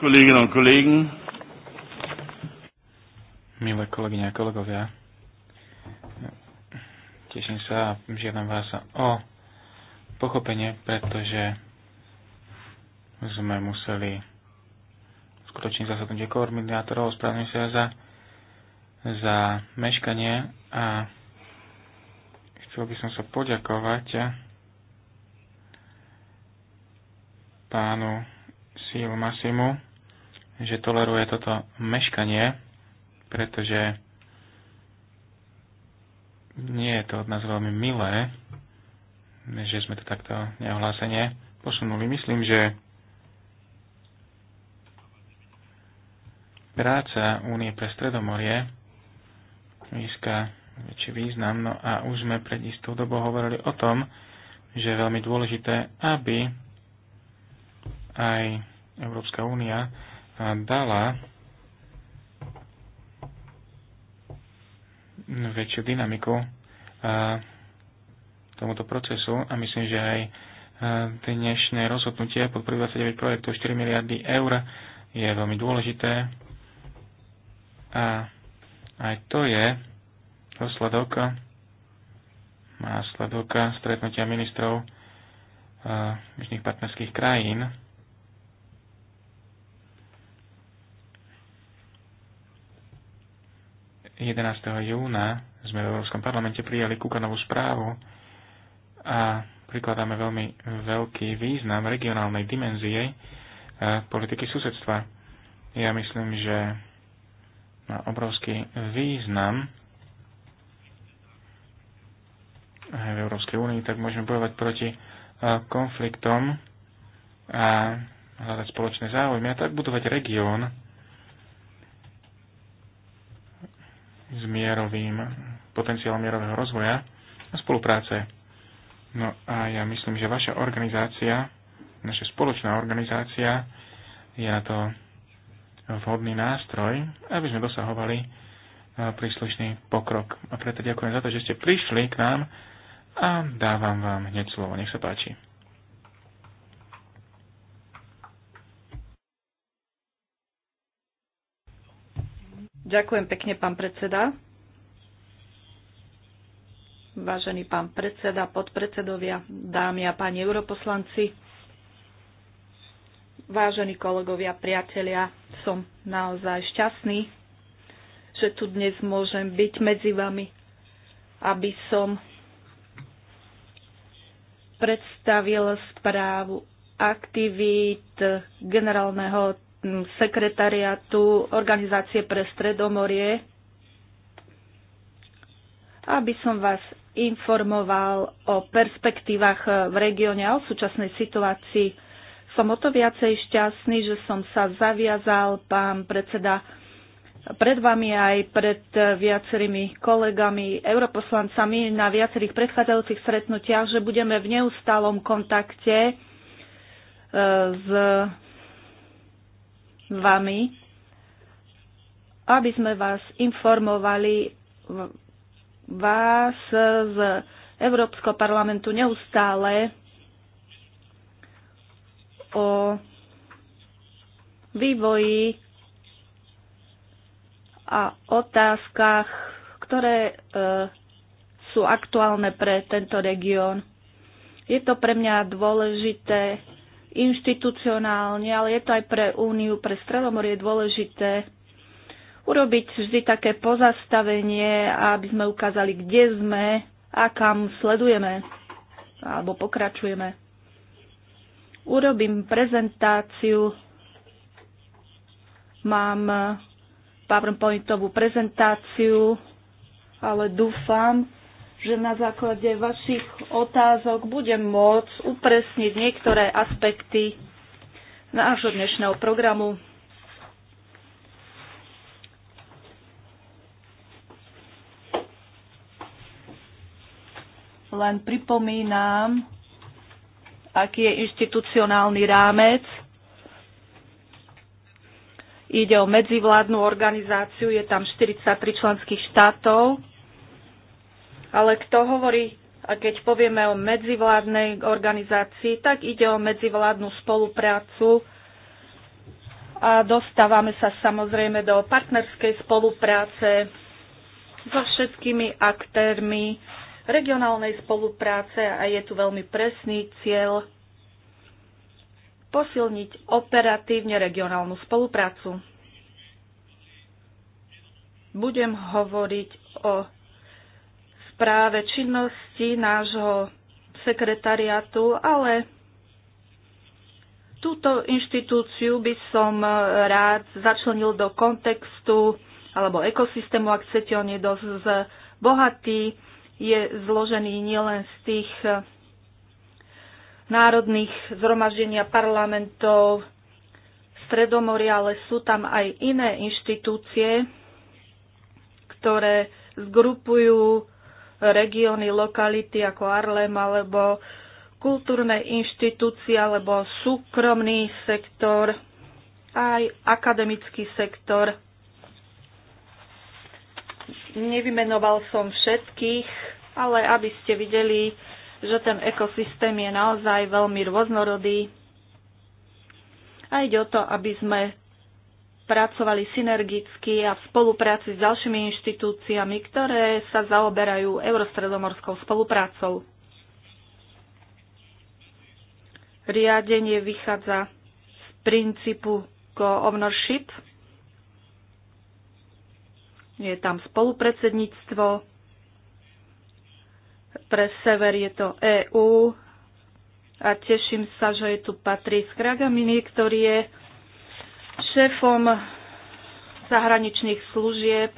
Kolleginnen und Kollegen. Milé kolegyne a kolegovia, teším sa a žiadam vás o pochopenie, pretože sme museli skutočne zasadnutie koordinátorov, ospravedlňujem sa za, za meškanie a chcel by som sa poďakovať pánu Sil Masimu, že toleruje toto meškanie, pretože nie je to od nás veľmi milé, že sme to takto neohlásenie posunuli. Myslím, že práca Únie pre Stredomorie získa väčší význam. No a už sme pred istou dobou hovorili o tom, že je veľmi dôležité, aby aj Európska únia dala väčšiu dynamiku e, tomuto procesu a myslím, že aj e, dnešné rozhodnutie pod 29 projektov 4 miliardy eur je veľmi dôležité a aj to je dôsledok následok stretnutia ministrov južných e, partnerských krajín 11. júna sme v Európskom parlamente prijali Kukanovú správu a prikladáme veľmi veľký význam regionálnej dimenzie e, politiky susedstva. Ja myslím, že má obrovský význam v Európskej únii, tak môžeme bojovať proti e, konfliktom a hľadať spoločné záujmy a tak budovať región, s mierovým potenciálom mierového rozvoja a spolupráce. No a ja myslím, že vaša organizácia, naša spoločná organizácia je na to vhodný nástroj, aby sme dosahovali e, príslušný pokrok. A preto ďakujem za to, že ste prišli k nám a dávam vám hneď slovo. Nech sa páči. Ďakujem pekne, pán predseda. Vážený pán predseda, podpredsedovia, dámy a páni europoslanci, vážení kolegovia, priatelia, som naozaj šťastný, že tu dnes môžem byť medzi vami, aby som predstavil správu aktivít generálneho sekretariatu Organizácie pre Stredomorie, aby som vás informoval o perspektívach v regióne a o súčasnej situácii. Som o to viacej šťastný, že som sa zaviazal, pán predseda, pred vami aj pred viacerými kolegami, europoslancami na viacerých predchádzajúcich stretnutiach, že budeme v neustálom kontakte eh, s vami, aby sme vás informovali vás z Európskeho parlamentu neustále o vývoji a otázkach, ktoré e, sú aktuálne pre tento región. Je to pre mňa dôležité inštitucionálne, ale je to aj pre Úniu, pre Stredomorie dôležité urobiť vždy také pozastavenie, aby sme ukázali, kde sme a kam sledujeme alebo pokračujeme. Urobím prezentáciu, mám PowerPointovú prezentáciu, ale dúfam, že na základe vašich otázok budem môcť upresniť niektoré aspekty nášho dnešného programu. Len pripomínam, aký je inštitucionálny rámec. Ide o medzivládnu organizáciu, je tam 43 členských štátov ale kto hovorí, a keď povieme o medzivládnej organizácii, tak ide o medzivládnu spoluprácu a dostávame sa samozrejme do partnerskej spolupráce so všetkými aktérmi regionálnej spolupráce a je tu veľmi presný cieľ posilniť operatívne regionálnu spoluprácu. Budem hovoriť o práve činnosti nášho sekretariatu, ale túto inštitúciu by som rád začlenil do kontextu alebo ekosystému, ak chcete, on je dosť bohatý, je zložený nielen z tých národných zhromaždenia parlamentov Stredomoria, ale sú tam aj iné inštitúcie, ktoré zgrupujú regióny, lokality ako Arlem alebo kultúrne inštitúcie alebo súkromný sektor, aj akademický sektor. Nevymenoval som všetkých, ale aby ste videli, že ten ekosystém je naozaj veľmi rôznorodý. A ide o to, aby sme pracovali synergicky a v spolupráci s ďalšími inštitúciami, ktoré sa zaoberajú eurostredomorskou spoluprácou. Riadenie vychádza z princípu co-ownership. Je tam spolupredsedníctvo. Pre sever je to EÚ a teším sa, že je tu Patrice Kragamini, ktorý je šéfom zahraničných služieb,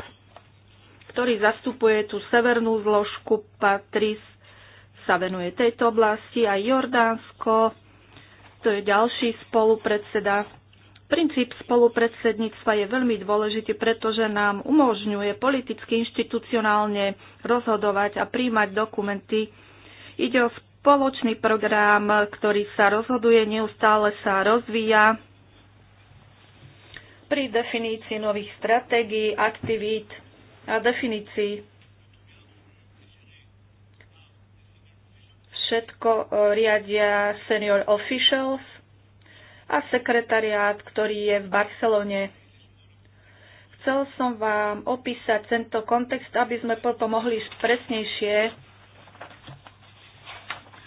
ktorý zastupuje tú severnú zložku Patris, sa venuje tejto oblasti a Jordánsko, to je ďalší spolupredseda. Princíp spolupredsedníctva je veľmi dôležitý, pretože nám umožňuje politicky, inštitucionálne rozhodovať a príjmať dokumenty. Ide o spoločný program, ktorý sa rozhoduje, neustále sa rozvíja pri definícii nových stratégií, aktivít a definícií. Všetko e, riadia senior officials a sekretariát, ktorý je v Barcelone. Chcel som vám opísať tento kontext, aby sme potom mohli presnejšie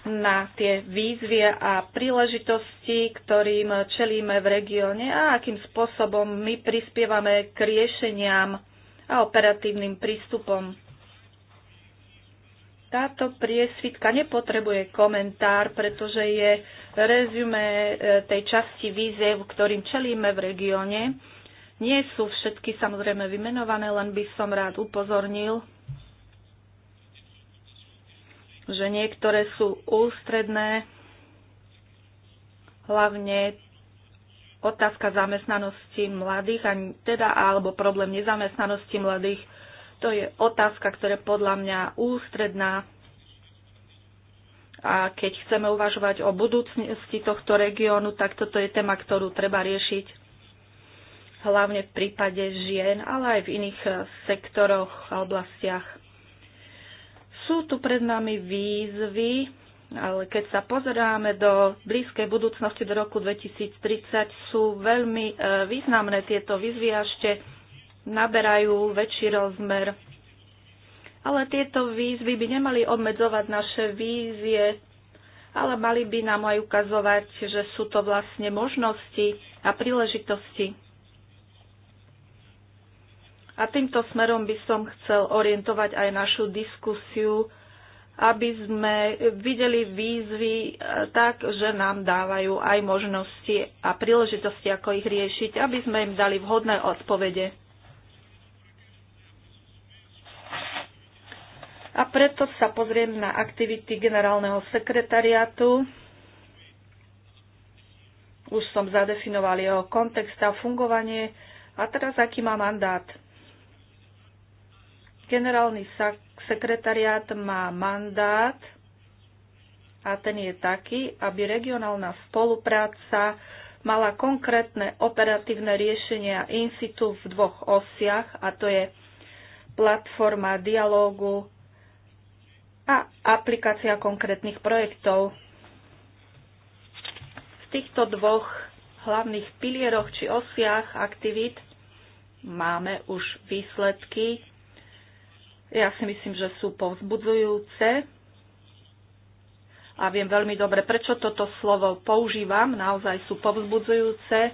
na tie výzvy a príležitosti, ktorým čelíme v regióne a akým spôsobom my prispievame k riešeniam a operatívnym prístupom. Táto priesvitka nepotrebuje komentár, pretože je rezume e, tej časti výziev, ktorým čelíme v regióne. Nie sú všetky samozrejme vymenované, len by som rád upozornil že niektoré sú ústredné, hlavne otázka zamestnanosti mladých, teda alebo problém nezamestnanosti mladých, to je otázka, ktorá je podľa mňa ústredná. A keď chceme uvažovať o budúcnosti tohto regiónu, tak toto je téma, ktorú treba riešiť hlavne v prípade žien, ale aj v iných sektoroch a oblastiach. Sú tu pred nami výzvy, ale keď sa pozeráme do blízkej budúcnosti do roku 2030, sú veľmi e, významné tieto výzvy a ešte naberajú väčší rozmer. Ale tieto výzvy by nemali obmedzovať naše vízie, ale mali by nám aj ukazovať, že sú to vlastne možnosti a príležitosti. A týmto smerom by som chcel orientovať aj našu diskusiu, aby sme videli výzvy e, tak, že nám dávajú aj možnosti a príležitosti, ako ich riešiť, aby sme im dali vhodné odpovede. A preto sa pozriem na aktivity generálneho sekretariátu. Už som zadefinoval jeho kontext a fungovanie. A teraz, aký má mandát? Generálny sekretariát má mandát a ten je taký, aby regionálna spolupráca mala konkrétne operatívne riešenia in situ v dvoch osiach a to je platforma dialógu a aplikácia konkrétnych projektov. V týchto dvoch hlavných pilieroch či osiach aktivít máme už výsledky ja si myslím, že sú povzbudzujúce a viem veľmi dobre, prečo toto slovo používam. Naozaj sú povzbudzujúce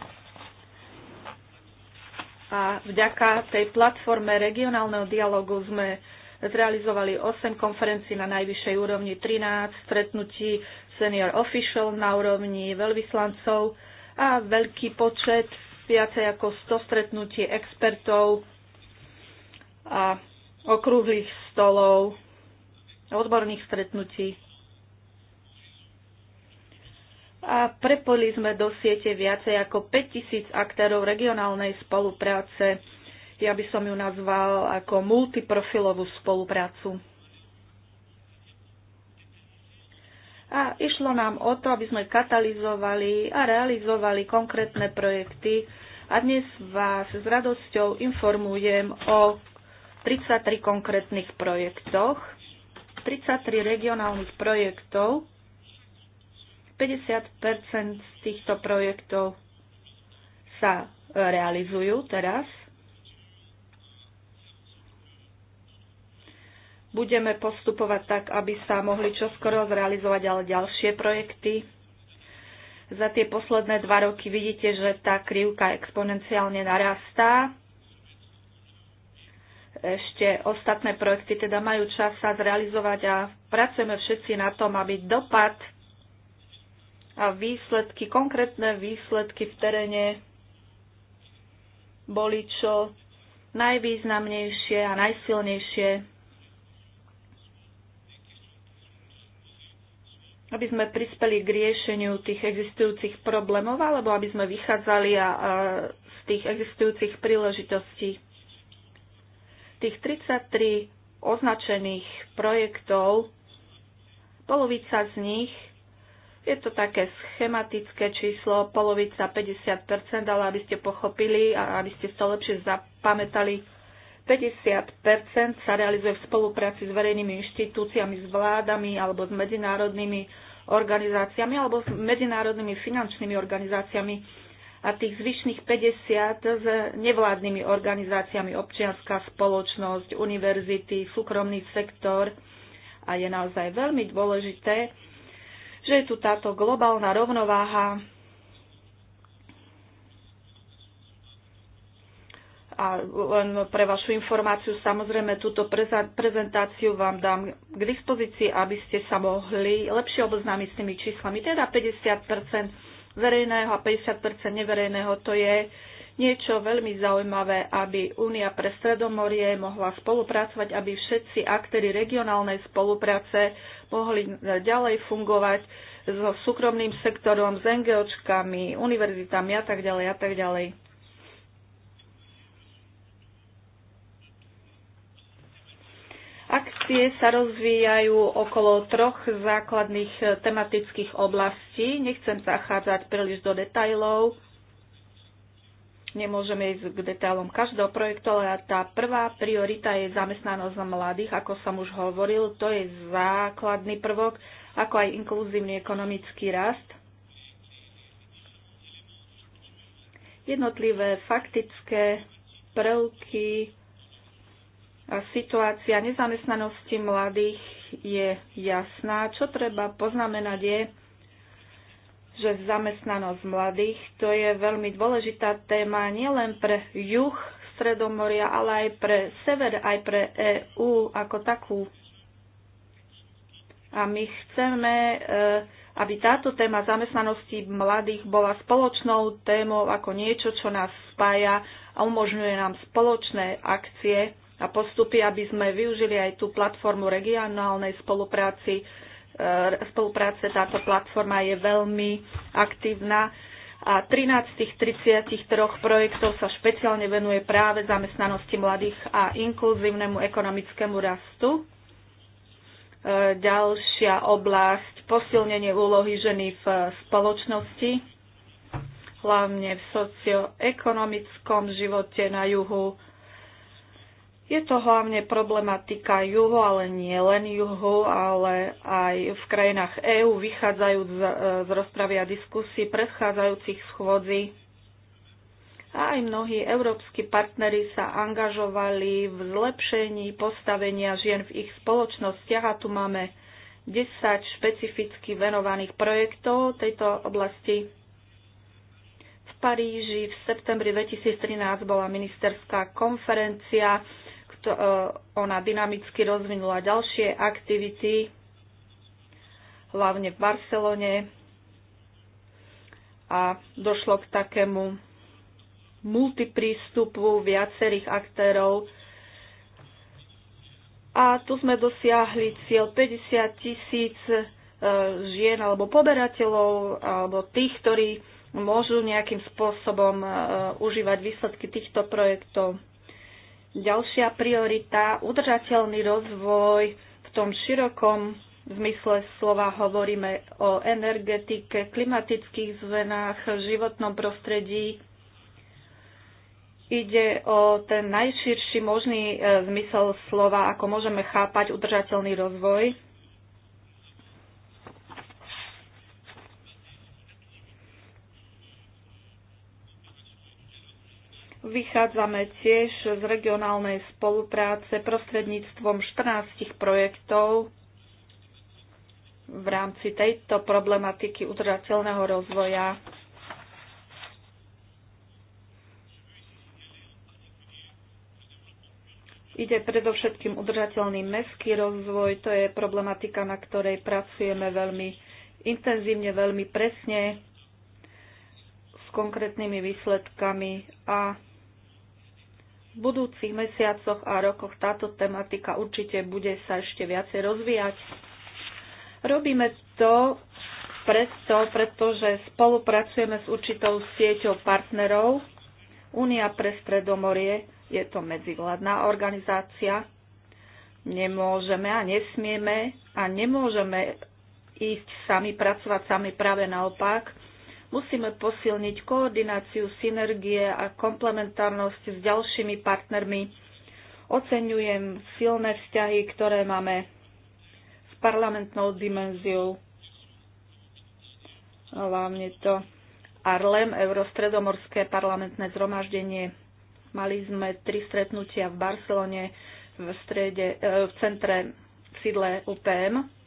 a vďaka tej platforme regionálneho dialogu sme zrealizovali 8 konferencií na najvyššej úrovni, 13 stretnutí senior official na úrovni veľvyslancov a veľký počet, viacej ako 100 stretnutí expertov a okrúhlych stolov, odborných stretnutí. A prepojili sme do siete viacej ako 5000 aktérov regionálnej spolupráce. Ja by som ju nazval ako multiprofilovú spoluprácu. A išlo nám o to, aby sme katalizovali a realizovali konkrétne projekty. A dnes vás s radosťou informujem o 33 konkrétnych projektoch, 33 regionálnych projektov, 50 z týchto projektov sa realizujú teraz. Budeme postupovať tak, aby sa mohli čoskoro zrealizovať ale ďalšie projekty. Za tie posledné dva roky vidíte, že tá krivka exponenciálne narastá ešte ostatné projekty teda majú čas sa zrealizovať a pracujeme všetci na tom, aby dopad a výsledky, konkrétne výsledky v teréne boli čo najvýznamnejšie a najsilnejšie, aby sme prispeli k riešeniu tých existujúcich problémov alebo aby sme vychádzali a, a z tých existujúcich príležitostí tých 33 označených projektov, polovica z nich je to také schematické číslo, polovica 50%, ale aby ste pochopili a aby ste to lepšie zapamätali, 50% sa realizuje v spolupráci s verejnými inštitúciami, s vládami alebo s medzinárodnými organizáciami alebo s medzinárodnými finančnými organizáciami a tých zvyšných 50 s nevládnymi organizáciami, občianská spoločnosť, univerzity, súkromný sektor. A je naozaj veľmi dôležité, že je tu táto globálna rovnováha a len pre vašu informáciu, samozrejme túto prezentáciu vám dám k dispozícii, aby ste sa mohli lepšie oboznámiť s tými číslami. Teda 50 verejného a 50 neverejného. To je niečo veľmi zaujímavé, aby Únia pre Stredomorie mohla spolupracovať, aby všetci aktéry regionálnej spolupráce mohli ďalej fungovať so súkromným sektorom, s NGOčkami, univerzitami a tak ďalej a tak ďalej. Tie sa rozvíjajú okolo troch základných tematických oblastí. Nechcem zachádzať príliš do detajlov. Nemôžeme ísť k detailom každého projektu, ale tá prvá priorita je zamestnanosť mladých, ako som už hovoril. To je základný prvok, ako aj inkluzívny ekonomický rast. Jednotlivé faktické prvky Situácia nezamestnanosti mladých je jasná. Čo treba poznamenať je, že zamestnanosť mladých to je veľmi dôležitá téma nielen pre juh Stredomoria, ale aj pre sever, aj pre EÚ ako takú. A my chceme, e, aby táto téma zamestnanosti mladých bola spoločnou témou ako niečo, čo nás spája a umožňuje nám spoločné akcie a postupy, aby sme využili aj tú platformu regionálnej spolupráci. E, spolupráce táto platforma je veľmi aktívna a 13 z tých 33 projektov sa špeciálne venuje práve zamestnanosti mladých a inkluzívnemu ekonomickému rastu. E, ďalšia oblasť posilnenie úlohy ženy v spoločnosti, hlavne v socioekonomickom živote na juhu je to hlavne problematika juhu, ale nie len juhu, ale aj v krajinách EÚ vychádzajú z, e, z rozpravy a diskusí predchádzajúcich schôdzí. A aj mnohí európsky partnery sa angažovali v zlepšení postavenia žien v ich spoločnostiach a tu máme 10 špecificky venovaných projektov tejto oblasti. V Paríži v septembri 2013 bola ministerská konferencia kto, e, ona dynamicky rozvinula ďalšie aktivity, hlavne v Barcelone a došlo k takému multiprístupu viacerých aktérov. A tu sme dosiahli cieľ 50 tisíc e, žien alebo poberateľov alebo tých, ktorí môžu nejakým spôsobom e, užívať výsledky týchto projektov. Ďalšia priorita, udržateľný rozvoj. V tom širokom zmysle slova hovoríme o energetike, klimatických zmenách, životnom prostredí. Ide o ten najširší možný e, zmysel slova, ako môžeme chápať udržateľný rozvoj Vychádzame tiež z regionálnej spolupráce prostredníctvom 14 projektov v rámci tejto problematiky udržateľného rozvoja. Ide predovšetkým udržateľný mestský rozvoj, to je problematika, na ktorej pracujeme veľmi intenzívne, veľmi presne, s konkrétnymi výsledkami a v budúcich mesiacoch a rokoch táto tematika určite bude sa ešte viacej rozvíjať. Robíme to preto, pretože spolupracujeme s určitou sieťou partnerov. Únia pre Stredomorie je to medzivládna organizácia. Nemôžeme a nesmieme a nemôžeme ísť sami, pracovať sami, práve naopak. Musíme posilniť koordináciu, synergie a komplementárnosť s ďalšími partnermi. Oceňujem silné vzťahy, ktoré máme s parlamentnou dimenziou. Hlavne to Arlem, Eurostredomorské parlamentné zhromaždenie. Mali sme tri stretnutia v Barcelone, v, strede, eh, v centre v sídle UPM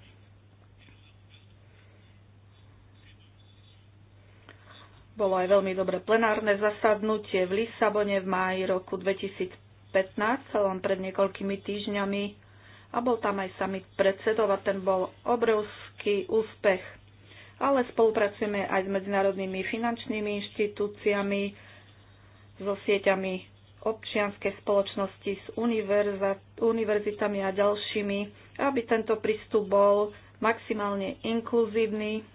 Bolo aj veľmi dobré plenárne zasadnutie v Lisabone v máji roku 2015, len pred niekoľkými týždňami. A bol tam aj summit predsedov a ten bol obrovský úspech. Ale spolupracujeme aj s medzinárodnými finančnými inštitúciami, so sieťami občianskej spoločnosti s univerzitami a ďalšími, aby tento prístup bol maximálne inkluzívny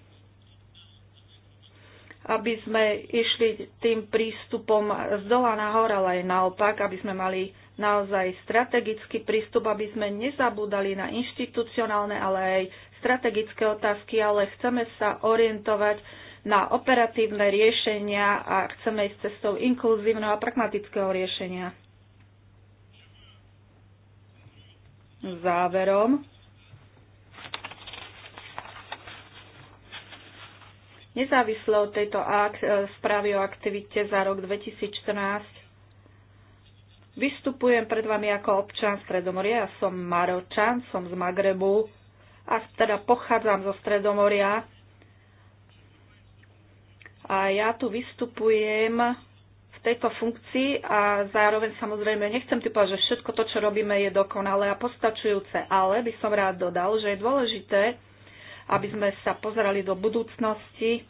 aby sme išli tým prístupom z dola nahor, ale aj naopak, aby sme mali naozaj strategický prístup, aby sme nezabúdali na inštitucionálne, ale aj strategické otázky, ale chceme sa orientovať na operatívne riešenia a chceme ísť cestou inkluzívneho a pragmatického riešenia. Záverom Nezávisle od tejto e, správy o aktivite za rok 2014 vystupujem pred vami ako občan Stredomoria. Ja som Maročan, som z Magrebu a teda pochádzam zo Stredomoria. A ja tu vystupujem v tejto funkcii a zároveň samozrejme nechcem typovať, že všetko to, čo robíme, je dokonalé a postačujúce, ale by som rád dodal, že je dôležité, aby sme sa pozerali do budúcnosti,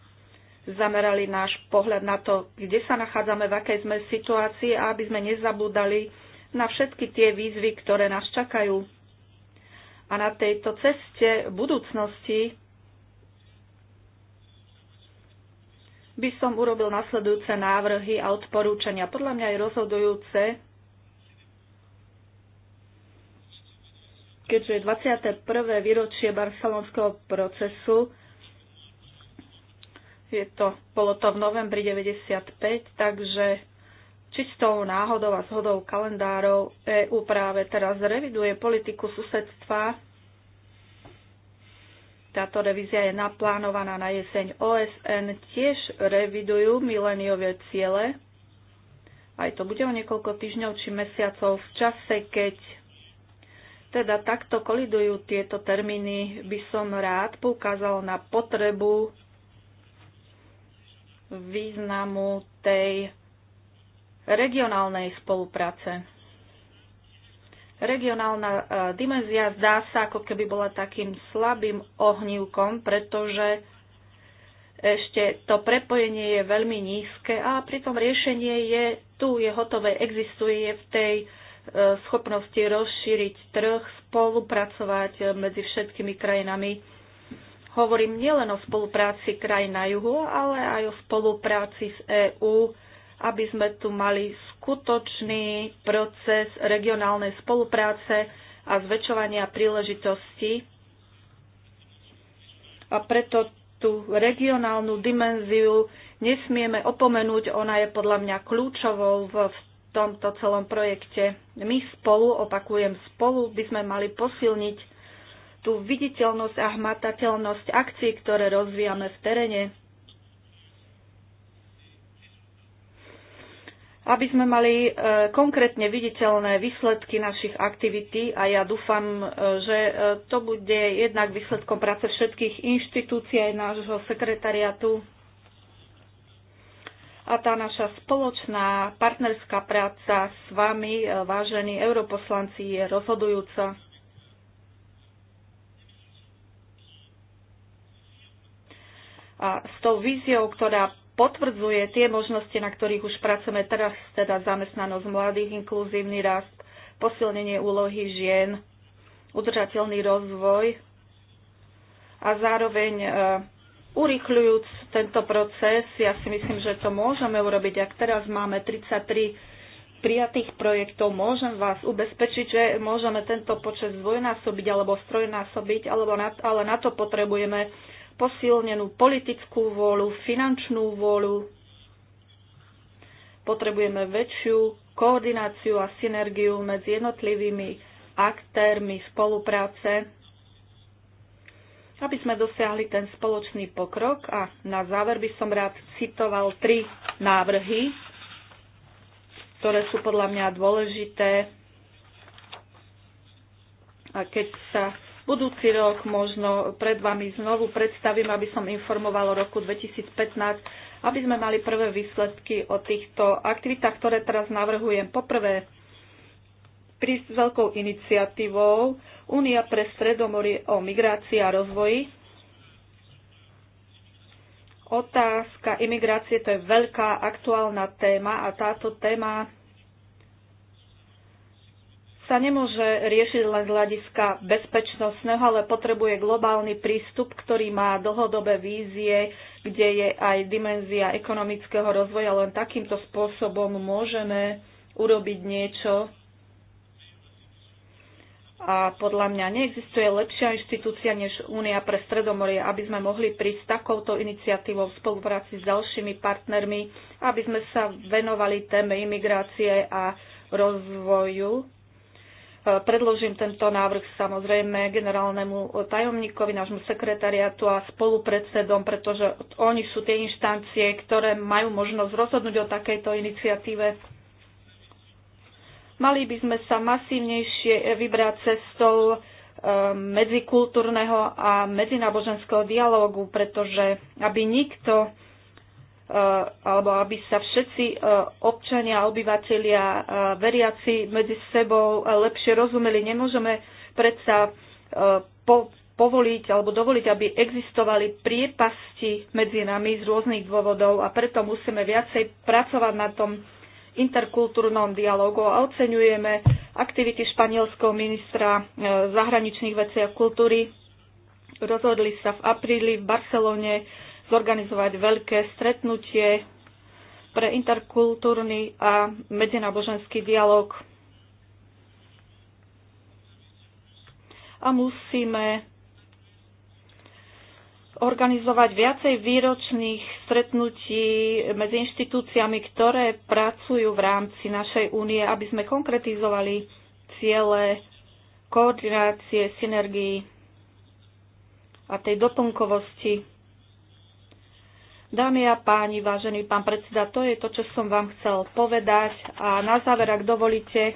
zamerali náš pohľad na to, kde sa nachádzame, v akej sme situácii a aby sme nezabúdali na všetky tie výzvy, ktoré nás čakajú. A na tejto ceste budúcnosti by som urobil nasledujúce návrhy a odporúčania. Podľa mňa je rozhodujúce, keďže 21. výročie barcelonského procesu, je to, bolo to v novembri 95, takže čistou náhodou a zhodou kalendárov EU práve teraz reviduje politiku susedstva. Táto revízia je naplánovaná na jeseň. OSN tiež revidujú mileniové ciele. Aj to bude o niekoľko týždňov či mesiacov v čase, keď teda takto kolidujú tieto termíny, by som rád poukázal na potrebu významu tej regionálnej spolupráce. Regionálna e, dimenzia zdá sa, ako keby bola takým slabým ohnívkom, pretože ešte to prepojenie je veľmi nízke a pritom riešenie je tu, je hotové, existuje v tej uh, Eh, schopnosti rozšíriť trh, spolupracovať eh, medzi všetkými krajinami. Hovorím nielen o spolupráci krajín na juhu, ale aj o spolupráci s EÚ, aby sme tu mali skutočný proces regionálnej spolupráce a zväčšovania príležitostí. A preto tú regionálnu dimenziu nesmieme opomenúť, ona je podľa mňa kľúčovou v tomto celom projekte. My spolu, opakujem, spolu by sme mali posilniť tú viditeľnosť a hmatateľnosť akcií, ktoré rozvíjame v teréne. aby sme mali e, konkrétne viditeľné výsledky našich aktivití a ja dúfam, e, že e, to bude jednak výsledkom práce všetkých inštitúcií aj nášho sekretariatu a tá naša spoločná partnerská práca s vami, e, vážení europoslanci, je rozhodujúca. A s tou víziou, ktorá potvrdzuje tie možnosti, na ktorých už pracujeme teraz, teda zamestnanosť mladých, inkluzívny rast, posilnenie úlohy žien, udržateľný rozvoj a zároveň e, urychľujúc tento proces, ja si myslím, že to môžeme urobiť. Ak teraz máme 33 prijatých projektov, môžem vás ubezpečiť, že môžeme tento počet zdvojnásobiť alebo strojnásobiť, alebo na, ale na to potrebujeme posilnenú politickú vôľu, finančnú vôľu. Potrebujeme väčšiu koordináciu a synergiu medzi jednotlivými aktérmi spolupráce aby sme dosiahli ten spoločný pokrok. A na záver by som rád citoval tri návrhy, ktoré sú podľa mňa dôležité. A keď sa budúci rok možno pred vami znovu predstavím, aby som informoval o roku 2015, aby sme mali prvé výsledky o týchto aktivitách, ktoré teraz navrhujem. Poprvé, prísť s veľkou iniciatívou Únia pre Stredomorie o migrácii a rozvoji. Otázka imigrácie to je veľká aktuálna téma a táto téma sa nemôže riešiť len z hľadiska bezpečnostného, ale potrebuje globálny prístup, ktorý má dlhodobé vízie, kde je aj dimenzia ekonomického rozvoja. Len takýmto spôsobom môžeme urobiť niečo a podľa mňa neexistuje lepšia inštitúcia než Únia pre Stredomorie, aby sme mohli prísť takouto iniciatívou v spolupráci s ďalšími partnermi, aby sme sa venovali téme imigrácie a rozvoju. E, predložím tento návrh samozrejme generálnemu tajomníkovi, nášmu sekretariatu a spolupredsedom, pretože oni sú tie inštancie, ktoré majú možnosť rozhodnúť o takejto iniciatíve. Mali by sme sa masívnejšie vybrať cestou e, medzikultúrneho a medzináboženského dialógu, pretože aby nikto e, alebo aby sa všetci e, občania, obyvateľia, veriaci medzi sebou lepšie rozumeli. Nemôžeme predsa po, povoliť alebo dovoliť, aby existovali priepasti medzi nami z rôznych dôvodov a preto musíme viacej pracovať na tom interkultúrnom dialogu a oceňujeme aktivity španielského ministra e, zahraničných vecí a kultúry. Rozhodli sa v apríli v Barcelone zorganizovať veľké stretnutie pre interkultúrny a medzináboženský dialog. A musíme organizovať viacej výročných stretnutí medzi inštitúciami, ktoré pracujú v rámci našej únie, aby sme konkretizovali ciele koordinácie, synergii a tej doplnkovosti. Dámy a páni, vážený pán predseda, to je to, čo som vám chcel povedať. A na záver, ak dovolíte,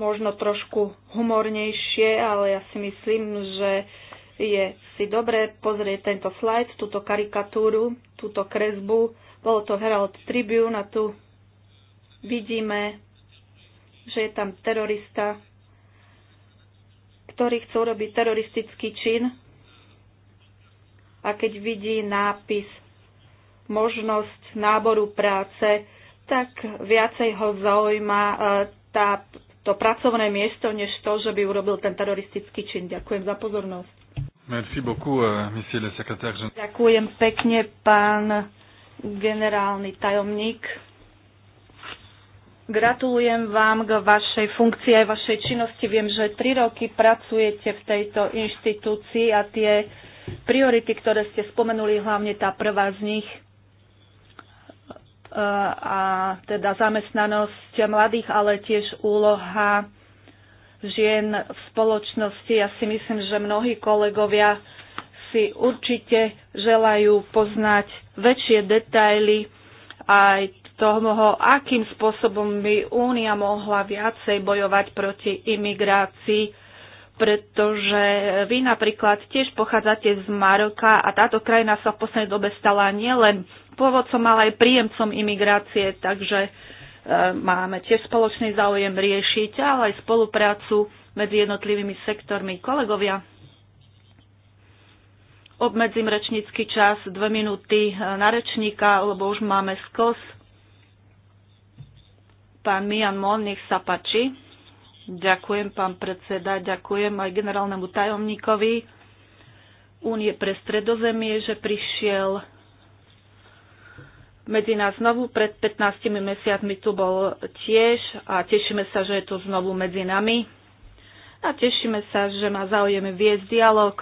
možno trošku humornejšie, ale ja si myslím, že je si dobre pozrieť tento slajd, túto karikatúru, túto kresbu. Bolo to Herald Tribune a tu vidíme, že je tam terorista, ktorý chce urobiť teroristický čin a keď vidí nápis možnosť náboru práce, tak viacej ho zaujíma e, tá, to pracovné miesto, než to, že by urobil ten teroristický čin. Ďakujem za pozornosť. Euh, Ďakujem pekne, pán generálny tajomník. Gratulujem vám k vašej funkcii aj vašej činnosti. Viem, že tri roky pracujete v tejto inštitúcii a tie priority, ktoré ste spomenuli, hlavne tá prvá z nich, e, a teda zamestnanosť mladých, ale tiež úloha žien v spoločnosti. Ja si myslím, že mnohí kolegovia si určite želajú poznať väčšie detaily aj toho, akým spôsobom by Únia mohla viacej bojovať proti imigrácii, pretože vy napríklad tiež pochádzate z Maroka a táto krajina sa v poslednej dobe stala nielen pôvodcom, ale aj príjemcom imigrácie, takže máme tiež spoločný záujem riešiť, ale aj spoluprácu medzi jednotlivými sektormi. Kolegovia, obmedzím rečnícky čas, dve minúty na rečníka, lebo už máme skos. Pán Mian Mon, nech sa páči. Ďakujem, pán predseda, ďakujem aj generálnemu tajomníkovi Únie pre stredozemie, že prišiel medzi nás znovu. Pred 15 mesiacmi tu bol tiež a tešíme sa, že je tu znovu medzi nami. A tešíme sa, že má záujem viesť dialog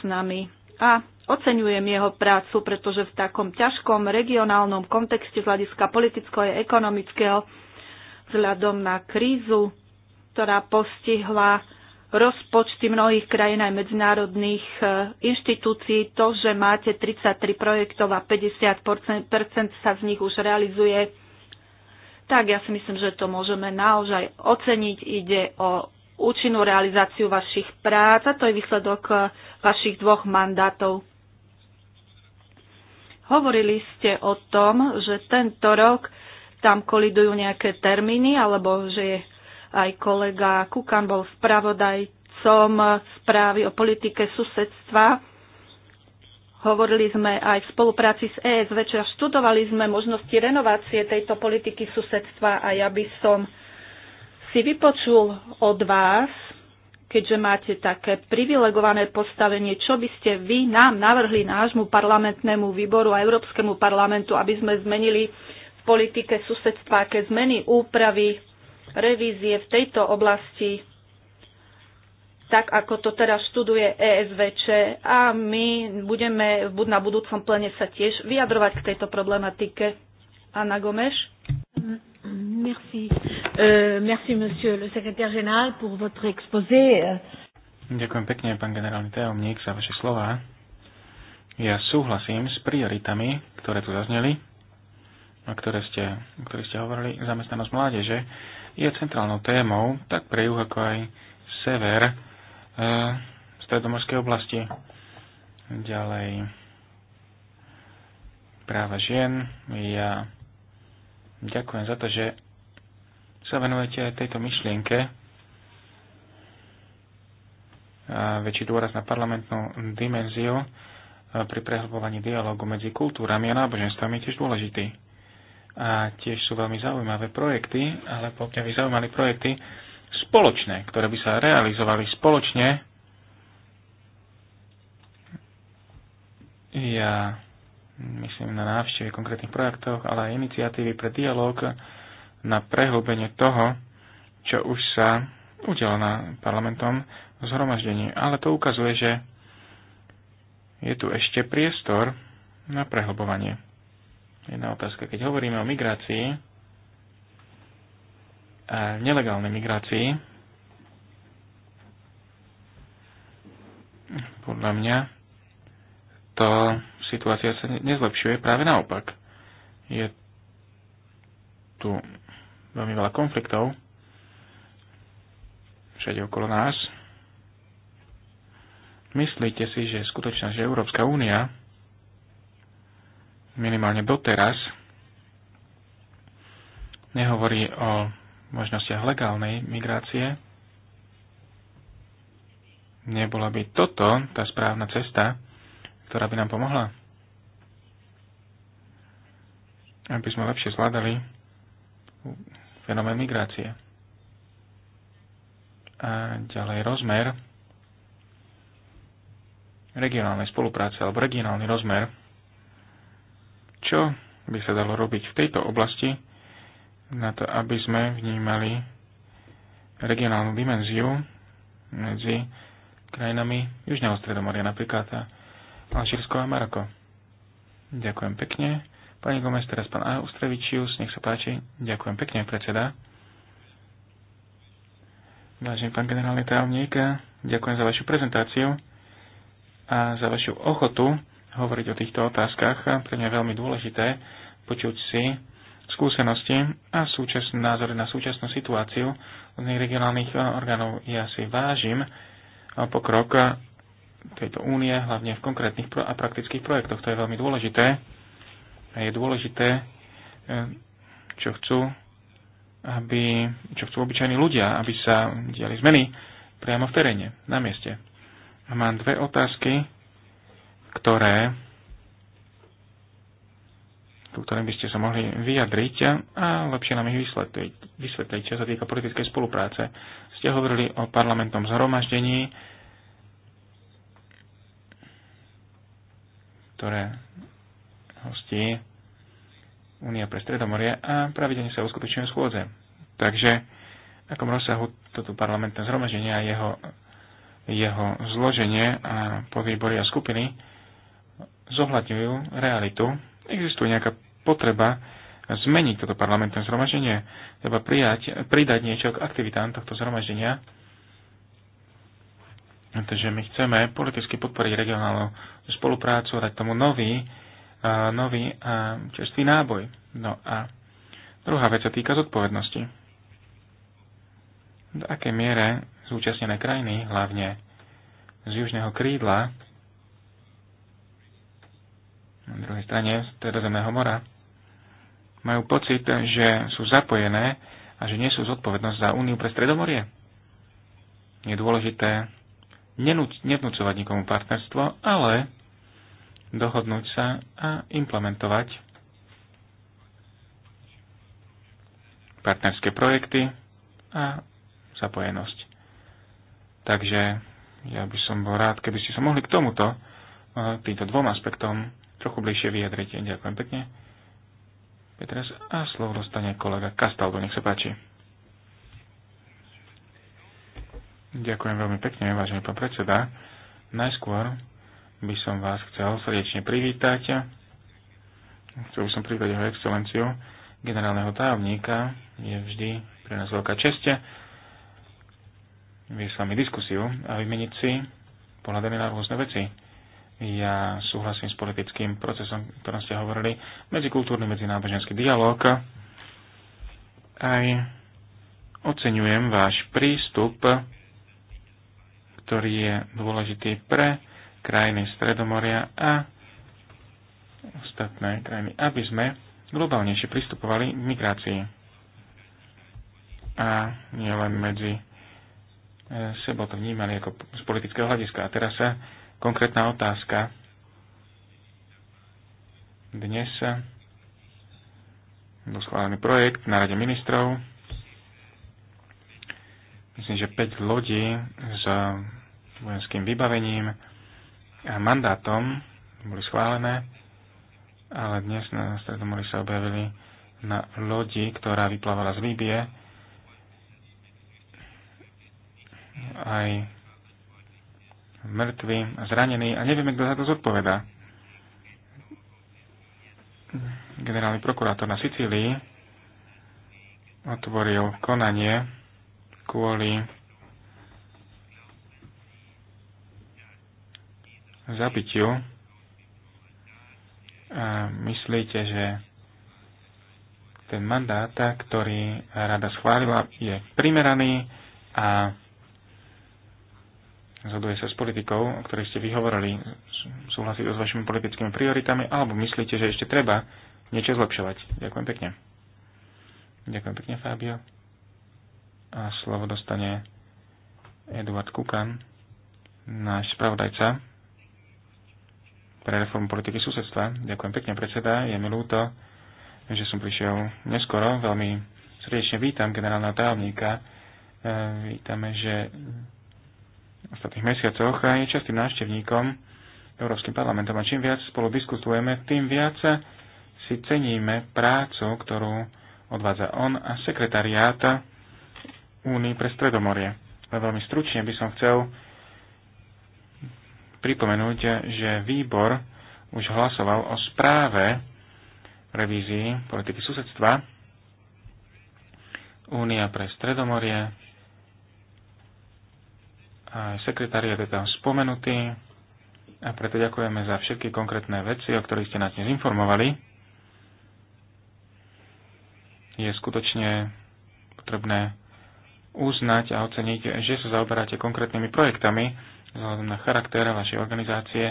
s nami. A oceňujem jeho prácu, pretože v takom ťažkom regionálnom kontexte z hľadiska politického a ekonomického vzhľadom na krízu, ktorá postihla rozpočty mnohých krajín aj medzinárodných e, inštitúcií, to, že máte 33 projektov a 50% sa z nich už realizuje, tak ja si myslím, že to môžeme naozaj oceniť. Ide o účinnú realizáciu vašich prác a to je výsledok e, vašich dvoch mandátov. Hovorili ste o tom, že tento rok tam kolidujú nejaké termíny alebo že je aj kolega Kukan bol spravodajcom správy o politike susedstva. Hovorili sme aj v spolupráci s ESV, čo študovali sme možnosti renovácie tejto politiky susedstva a ja by som si vypočul od vás, keďže máte také privilegované postavenie, čo by ste vy nám navrhli nášmu parlamentnému výboru a Európskemu parlamentu, aby sme zmenili v politike susedstva, aké zmeny úpravy revízie v tejto oblasti, tak ako to teraz študuje ESVČ a my budeme na budúcom plene sa tiež vyjadrovať k tejto problematike. Anna Gomeš. Merci. Euh, merci, monsieur le secrétaire général, pour votre exposé. Ďakujem pekne, pán generálny tajomník, za vaše slova. Ja súhlasím s prioritami, ktoré tu zazneli, a ktoré ste, ktoré ste hovorili, zamestnanosť mládeže je centrálnou témou tak pre juh ako aj sever e, stredomorskej oblasti. Ďalej práva žien. Ja ďakujem za to, že sa venujete aj tejto myšlienke a väčší dôraz na parlamentnú dimenziu e, pri prehlbovaní dialogu medzi kultúrami a náboženstvami je tiež dôležitý a tiež sú veľmi zaujímavé projekty, ale pokiaľ by zaujímali projekty spoločné, ktoré by sa realizovali spoločne, ja myslím na návštevy konkrétnych projektov, ale aj iniciatívy pre dialog na prehlbenie toho, čo už sa udialo na parlamentom zhromaždení. Ale to ukazuje, že je tu ešte priestor na prehlbovanie. Jedna otázka. Keď hovoríme o migrácii, a nelegálnej migrácii, podľa mňa to situácia sa nezlepšuje, práve naopak. Je tu veľmi veľa konfliktov všade okolo nás. Myslíte si, že skutočnosť, že Európska únia minimálne doteraz nehovorí o možnostiach legálnej migrácie. Nebola by toto tá správna cesta, ktorá by nám pomohla? Aby sme lepšie zvládali fenomén migrácie. A ďalej rozmer regionálnej spolupráce alebo regionálny rozmer čo by sa dalo robiť v tejto oblasti, na to, aby sme vnímali regionálnu dimenziu medzi krajinami Južného stredomoria, napríklad Alžírsko a Maroko. Ďakujem pekne. Pani Gomez, teraz pán Austrevičius, nech sa páči. Ďakujem pekne, predseda. Vážený pán generálny tajomník, ďakujem za vašu prezentáciu a za vašu ochotu hovoriť o týchto otázkach. Pre mňa je veľmi dôležité počuť si skúsenosti a súčasn- názory na súčasnú situáciu od regionálnych eh, orgánov. Ja si vážim eh, pokrok eh, tejto únie, hlavne v konkrétnych a praktických projektoch. To je veľmi dôležité. A je dôležité, čo chcú, aby, čo chcú obyčajní ľudia, aby sa diali zmeny priamo v teréne, na mieste. A mám dve otázky ktoré ku ktorým by ste sa mohli vyjadriť a lepšie nám ich vysvetliť, vysvetliť čo sa týka politickej spolupráce. Ste hovorili o parlamentnom zhromaždení, ktoré hostí Únia pre Stredomorie a pravidelne sa uskutočňujú schôdze. Takže v akom rozsahu toto parlamentné zhromaždenie a jeho, jeho zloženie a podvýbory a skupiny zohľadňujú realitu. Existuje nejaká potreba zmeniť toto parlamentné zhromaždenie. Treba prijať, pridať niečo k aktivitám tohto zhromaždenia. Pretože my chceme politicky podporiť regionálnu spoluprácu, dať tomu nový, nový a čerstvý náboj. No a druhá vec sa týka zodpovednosti. Do akej miere zúčastnené krajiny, hlavne z južného krídla, na druhej strane Stredozemného mora, majú pocit, že sú zapojené a že nie sú zodpovednosť za Úniu pre Stredomorie. Je dôležité nevnúcovať nikomu partnerstvo, ale dohodnúť sa a implementovať partnerské projekty a zapojenosť. Takže ja by som bol rád, keby ste sa mohli k tomuto, eh, týmto dvom aspektom trochu bližšie vyjadriť. Ďakujem pekne. Petres a slovo dostane kolega Kastaldo, nech sa páči. Ďakujem veľmi pekne, vážený pán predseda. Najskôr by som vás chcel srdečne privítať. Chcel by som privítať jeho excelenciu generálneho tajomníka. Je vždy pre nás veľká čest Vy s vami diskusiu a vymeniť si pohľadami na rôzne veci ja súhlasím s politickým procesom, o ktorom ste hovorili, medzikultúrny, medzináboženský dialog. Aj oceňujem váš prístup, ktorý je dôležitý pre krajiny Stredomoria a ostatné krajiny, aby sme globálnejšie pristupovali k migrácii. A nielen medzi eh, sebou to vnímali ako z politického hľadiska. A teraz sa eh, konkrétna otázka. Dnes bol schválený projekt na Rade ministrov. Myslím, že 5 lodí s vojenským vybavením a mandátom boli schválené, ale dnes na Stredomori sa objavili na lodi, ktorá vyplávala z Líbie. Aj mŕtvy, zranení a nevieme, kto za to zodpovedá. Generálny prokurátor na Sicílii otvoril konanie kvôli zabitiu. A myslíte, že ten mandát, ktorý rada schválila, je primeraný a zhoduje sa s politikou, o ktorej ste vyhovorili, súhlasí to s vašimi politickými prioritami, alebo myslíte, že ešte treba niečo zlepšovať? Ďakujem pekne. Ďakujem pekne, Fábio. A slovo dostane Eduard Kukan, náš spravodajca pre reformu politiky susedstva. Ďakujem pekne, predseda. Je mi ľúto, že som prišiel neskoro. Veľmi srdečne vítam generálneho tajomníka. E, vítame, že ostatných mesiacoch a je častým návštevníkom Európskym parlamentom a čím viac spolu diskutujeme, tým viac si ceníme prácu, ktorú odvádza on a sekretariát Únii pre Stredomorie. Ale veľmi stručne by som chcel pripomenúť, že výbor už hlasoval o správe revízii politiky susedstva Únia pre Stredomorie sekretariat je tam spomenutý a preto ďakujeme za všetky konkrétne veci, o ktorých ste nás dnes informovali. Je skutočne potrebné uznať a oceniť, že sa zaoberáte konkrétnymi projektami vzhľadom na charakter vašej organizácie,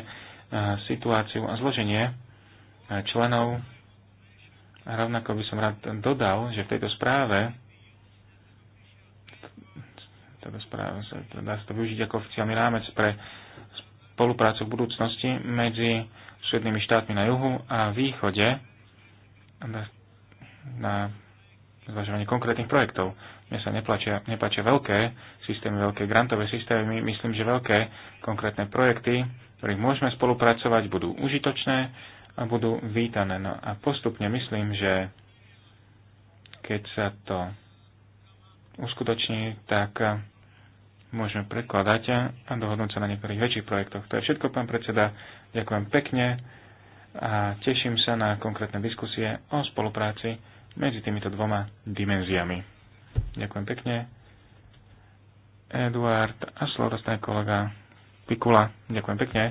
situáciu a zloženie členov. A rovnako by som rád dodal, že v tejto správe teda sa, dá sa to využiť ako oficiálny rámec pre spoluprácu v budúcnosti medzi susednými štátmi na juhu a východe na, na zvažovanie konkrétnych projektov. Mne sa neplačia, neplačia veľké systémy, veľké grantové systémy. Myslím, že veľké konkrétne projekty, ktorých môžeme spolupracovať, budú užitočné a budú vítané. No a postupne myslím, že keď sa to uskutoční, tak môžeme prekladať a dohodnúť sa na niektorých väčších projektoch. To je všetko, pán predseda. Ďakujem pekne a teším sa na konkrétne diskusie o spolupráci medzi týmito dvoma dimenziami. Ďakujem pekne. Eduard a slovo kolega Pikula. Ďakujem pekne.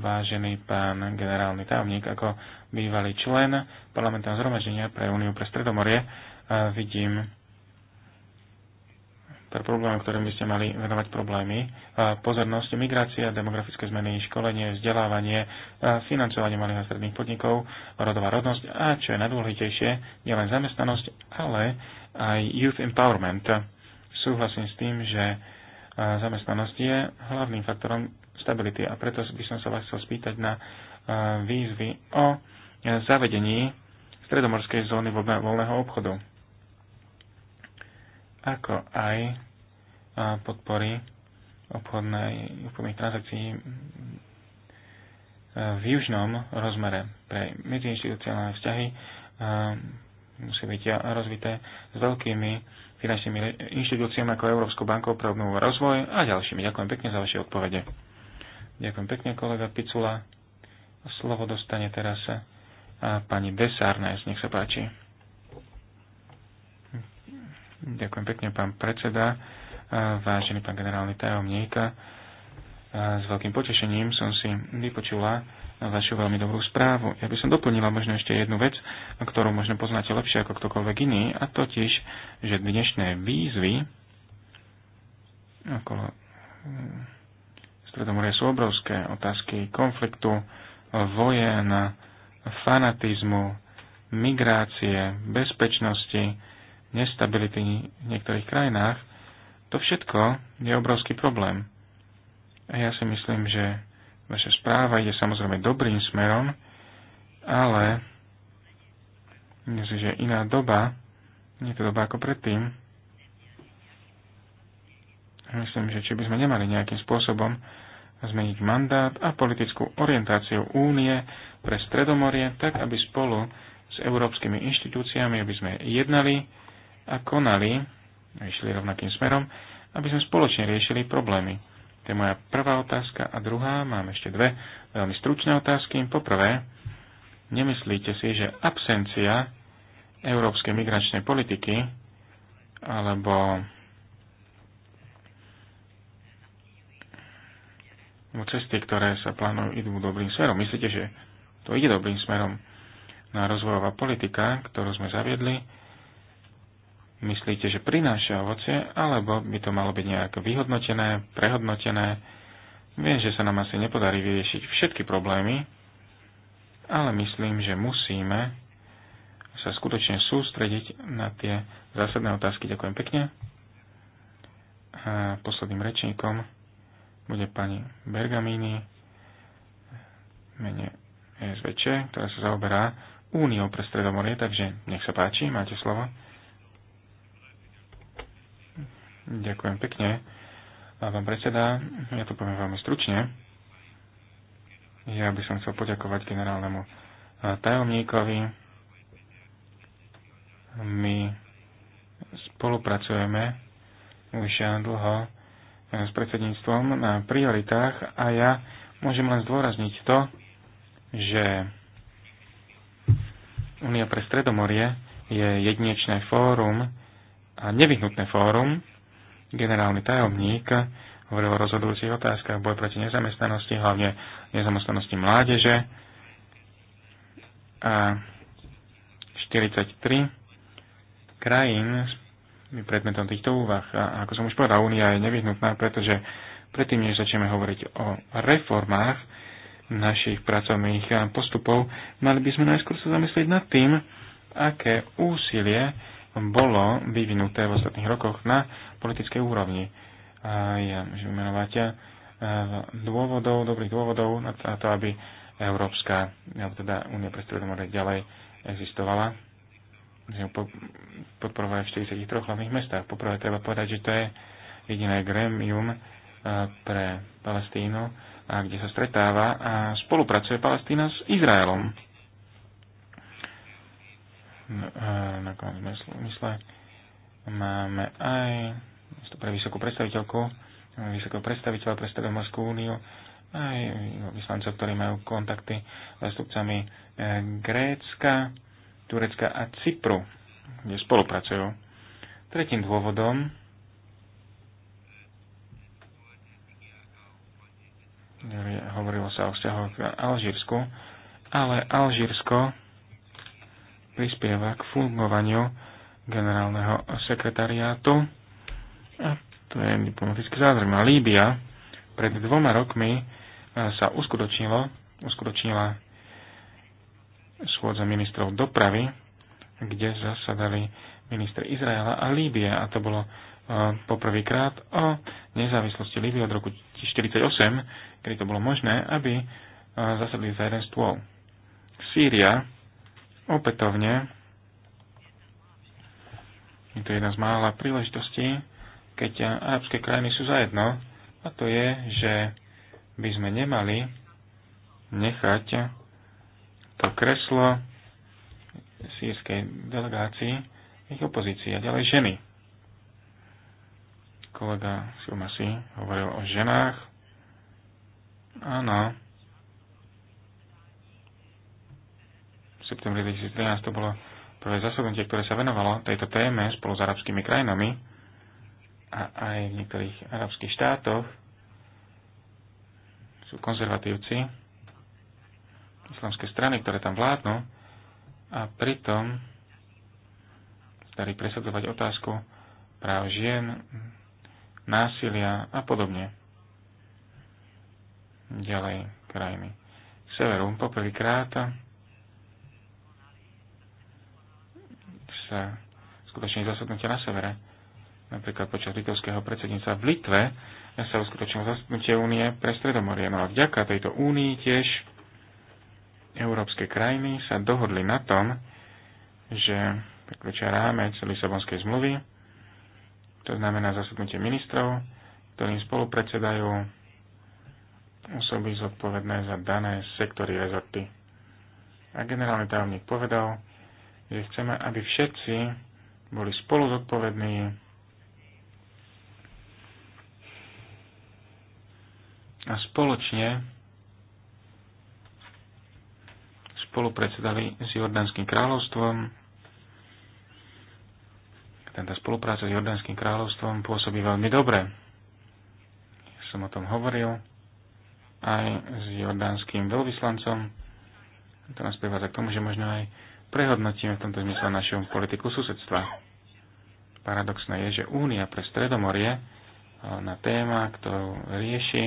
Vážený pán generálny tajomník, ako bývalý člen parlamentného zhromaždenia pre Úniu pre Stredomorie, vidím pre problémy, ktorým by ste mali venovať problémy. Pozornosť, migrácia, demografické zmeny, školenie, vzdelávanie, financovanie malých a stredných podnikov, rodová rodnosť a, čo je najdôležitejšie, nielen zamestnanosť, ale aj youth empowerment. Súhlasím s tým, že zamestnanosť je hlavným faktorom stability a preto by som sa vás chcel spýtať na výzvy o zavedení stredomorskej zóny voľného obchodu ako aj podpory obchodnej, obchodnej transakcií v južnom rozmere pre medziinstitucionálne vzťahy musí byť rozvité s veľkými finančnými inštitúciami ako Európskou bankou pre obnovu a rozvoj a ďalšími. Ďakujem pekne za vaše odpovede. Ďakujem pekne, kolega Picula. Slovo dostane teraz pani Desárnes. Nech sa páči. Ďakujem pekne, pán predseda, vážený pán generálny tajomník. S veľkým potešením som si vypočula vašu veľmi dobrú správu. Ja by som doplnila možno ešte jednu vec, ktorú možno poznáte lepšie ako ktokoľvek iný, a totiž, že dnešné výzvy okolo hm, Stredomoria sú obrovské otázky konfliktu, vojen, fanatizmu, migrácie, bezpečnosti, nestability v niektorých krajinách, to všetko je obrovský problém. A ja si myslím, že vaša správa ide samozrejme dobrým smerom, ale myslím, že iná doba, nie je to doba ako predtým, myslím, že či by sme nemali nejakým spôsobom zmeniť mandát a politickú orientáciu únie pre Stredomorie, tak aby spolu s európskymi inštitúciami, aby sme jednali, a konali, išli rovnakým smerom, aby sme spoločne riešili problémy. To je moja prvá otázka a druhá, mám ešte dve veľmi stručné otázky. Poprvé, nemyslíte si, že absencia európskej migračnej politiky alebo cesty, ktoré sa plánujú, idú dobrým smerom. Myslíte, že to ide dobrým smerom na rozvojová politika, ktorú sme zaviedli, myslíte, že prináša ovocie, alebo by to malo byť nejak vyhodnotené, prehodnotené. Viem, že sa nám asi nepodarí vyriešiť všetky problémy, ale myslím, že musíme sa skutočne sústrediť na tie zásadné otázky. Ďakujem pekne. A posledným rečníkom bude pani Bergamini, mene SVČ, ktorá sa zaoberá Úniou pre Stredomorie, takže nech sa páči, máte slovo. Ďakujem pekne. A pán predseda, ja to poviem veľmi stručne. Ja by som chcel poďakovať generálnemu tajomníkovi. My spolupracujeme už dlho e, s predsedníctvom na prioritách a ja môžem len zdôrazniť to, že Únia pre Stredomorie je jedinečné fórum a nevyhnutné fórum, generálny tajomník hovoril o rozhodujúcich otázkach boj proti nezamestnanosti, hlavne nezamestnanosti mládeže. A 43 krajín je predmetom týchto úvah. A ako som už povedal, únia je nevyhnutná, pretože predtým, než začneme hovoriť o reformách našich pracovných postupov, mali by sme najskôr sa zamyslieť nad tým, aké úsilie bolo vyvinuté v ostatných rokoch na politickej úrovni. Je, ja vymenovať e, dôvodov, dobrých dôvodov na to, aby Európska, alebo teda Únia pre Stredomore ďalej existovala. Že v 43 hlavných mestách. Poprvé treba povedať, že to je jediné gremium e, pre Palestínu, kde sa stretáva a spolupracuje Palestína s Izraelom Hm, na konci mysle máme aj pre vysokú predstaviteľku, vysokého predstaviteľa pre Morskú úniu, aj vyslancov, ktorí majú kontakty s zastupcami e, Grécka, Turecka a Cypru, kde spolupracujú. Tretím dôvodom hovorilo sa o vzťahoch k Alžírsku, ale Alžírsko prispieva k fungovaniu generálneho sekretariátu. A to je diplomatické zázemie. No Líbia pred dvoma rokmi e, sa uskutočnilo, uskutočnila schôdza ministrov dopravy, kde zasadali minister Izraela a Líbie. A to bolo e, poprvýkrát o nezávislosti Líbie od roku 1948, kedy to bolo možné, aby e, zasadli za jeden stôl. Sýria Opätovne je to jedna z mála príležitostí, keď arabské krajiny sú zajedno, a to je, že by sme nemali nechať to kreslo sírskej delegácii ich opozícii a ďalej ženy. Kolega Silmasi hovoril o ženách. Áno, septembri 2013 to bolo prvé zasadnutie, ktoré sa venovalo tejto téme spolu s arabskými krajinami a aj v niektorých arabských štátoch sú konzervatívci, islamské strany, ktoré tam vládnu a pritom starí presadzovať otázku práv žien, násilia a podobne. Ďalej krajiny severu poprvýkrát sa skutočne zasadnutia na severe. Napríklad počas litovského predsedníca v Litve sa uskutočnilo zasadnutie únie pre Stredomorie. No a vďaka tejto únii tiež európske krajiny sa dohodli na tom, že prekročia rámec Lisabonskej zmluvy, to znamená zasadnutie ministrov, ktorým spolupredsedajú osoby zodpovedné za dané sektory rezorty. A generálny tajomník povedal, že chceme, aby všetci boli spolu zodpovední a spoločne spolupredsedali s Jordánskym kráľovstvom. tá teda spolupráca s Jordánskym kráľovstvom pôsobí veľmi dobre. Som o tom hovoril aj s jordánským veľvyslancom. To nás prevádza k tomu, že možno aj prehodnotíme v tomto zmysle našu politiku susedstva. Paradoxné je, že Únia pre Stredomorie e, na téma, ktorú rieši,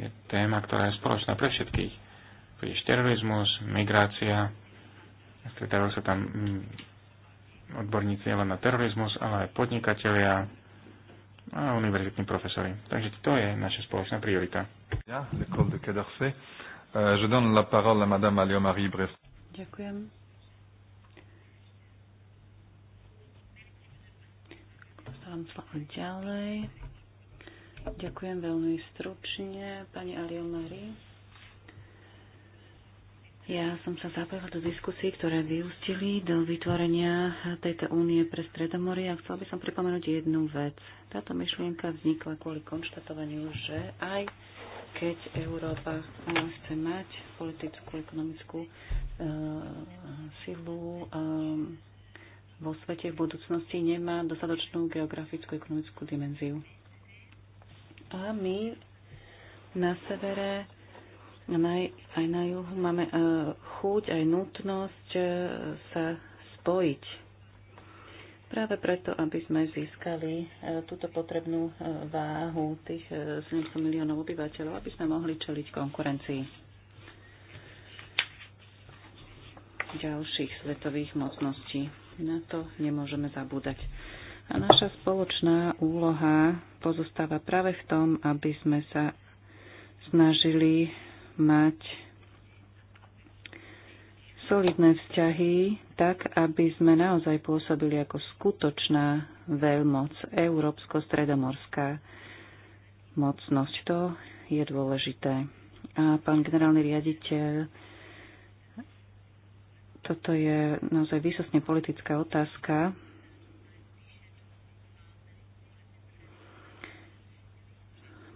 je téma, ktorá je spoločná pre všetkých. Prídeš terorizmus, migrácia, stretávajú sa tam mm, odborníci nielen na terorizmus, ale aj podnikatelia a univerzitní profesori. Takže to je naša spoločná priorita. Ja, le de Quai euh, d'Orsay. Je donne la parole à Madame Alio Marie Bresson. Ďakujem. Postávam ďalej. Ďakujem veľmi stručne, pani Alio Marie. Ja som sa zapojila do diskusí, ktoré vyústili do vytvorenia tejto únie pre Stredomorie a chcela by som pripomenúť jednu vec. Táto myšlienka vznikla kvôli konštatovaniu, že aj keď Európa chce mať politickú, ekonomickú e, silu, e, vo svete v budúcnosti nemá dostatočnú geografickú ekonomickú dimenziu. A my na severe aj na juhu máme e, chuť, aj nutnosť e, sa spojiť práve preto, aby sme získali e, túto potrebnú e, váhu tých 700 e, miliónov obyvateľov, aby sme mohli čeliť konkurencii ďalších svetových mocností. Na to nemôžeme zabúdať. A naša spoločná úloha pozostáva práve v tom, aby sme sa snažili mať solidné vzťahy tak, aby sme naozaj pôsobili ako skutočná veľmoc, európsko-stredomorská mocnosť. To je dôležité. A pán generálny riaditeľ, toto je naozaj výsostne politická otázka,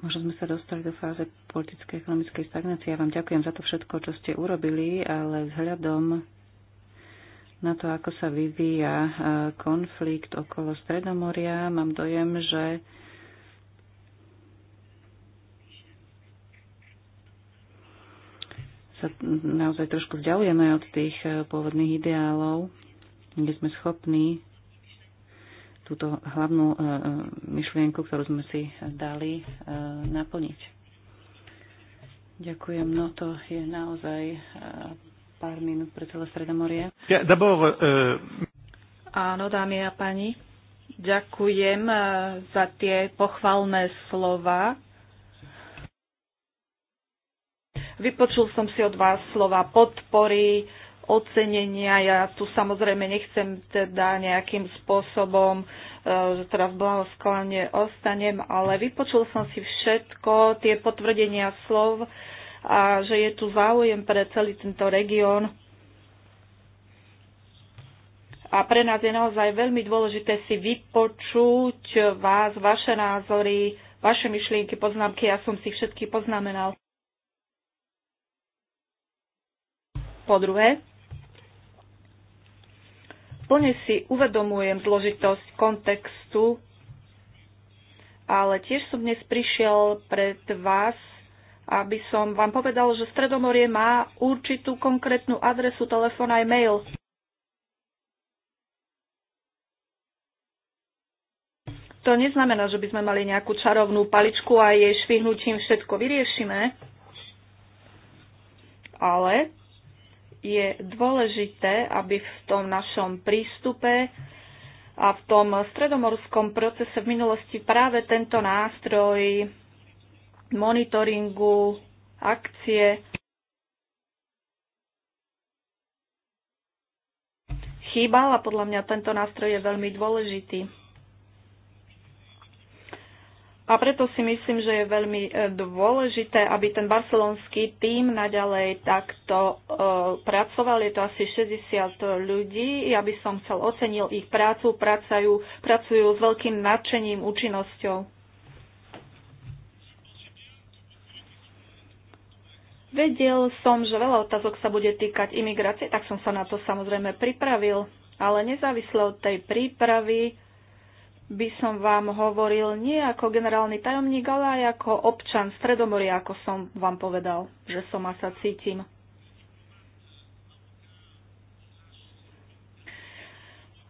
možno sme sa dostali do fáze politickej a ekonomickej stagnácie. Ja vám ďakujem za to všetko, čo ste urobili, ale vzhľadom na to, ako sa vyvíja e, konflikt okolo Stredomoria, mám dojem, že sa naozaj trošku vzdialujeme od tých e, pôvodných ideálov, kde sme schopní túto hlavnú e, e, myšlienku, ktorú sme si dali e, naplniť. Ďakujem. No to je naozaj pár minút pre celé Stredomorie. Ja, uh... Áno, dámy a pani, ďakujem za tie pochvalné slova. Vypočul som si od vás slova podpory, ocenenia. Ja tu samozrejme nechcem teda nejakým spôsobom, e, že teraz blahosklane ostanem, ale vypočul som si všetko, tie potvrdenia slov a že je tu záujem pre celý tento región. A pre nás je naozaj veľmi dôležité si vypočuť vás, vaše názory, vaše myšlienky, poznámky. Ja som si všetky poznamenal. Po druhé, Plne si uvedomujem zložitosť kontextu, ale tiež som dnes prišiel pred vás, aby som vám povedal, že Stredomorie má určitú konkrétnu adresu, telefón aj mail. To neznamená, že by sme mali nejakú čarovnú paličku a jej švihnutím všetko vyriešime, ale je dôležité, aby v tom našom prístupe a v tom stredomorskom procese v minulosti práve tento nástroj monitoringu, akcie chýbal a podľa mňa tento nástroj je veľmi dôležitý. A preto si myslím, že je veľmi e, dôležité, aby ten barcelonský tím naďalej takto e, pracoval. Je to asi 60 ľudí. Ja by som chcel ocenil ich prácu. Pracajú, pracujú s veľkým nadšením, účinnosťou. Vedel som, že veľa otázok sa bude týkať imigrácie, tak som sa na to samozrejme pripravil. Ale nezávisle od tej prípravy by som vám hovoril nie ako generálny tajomník, ale aj ako občan Stredomoria, ako som vám povedal, že som a sa cítim.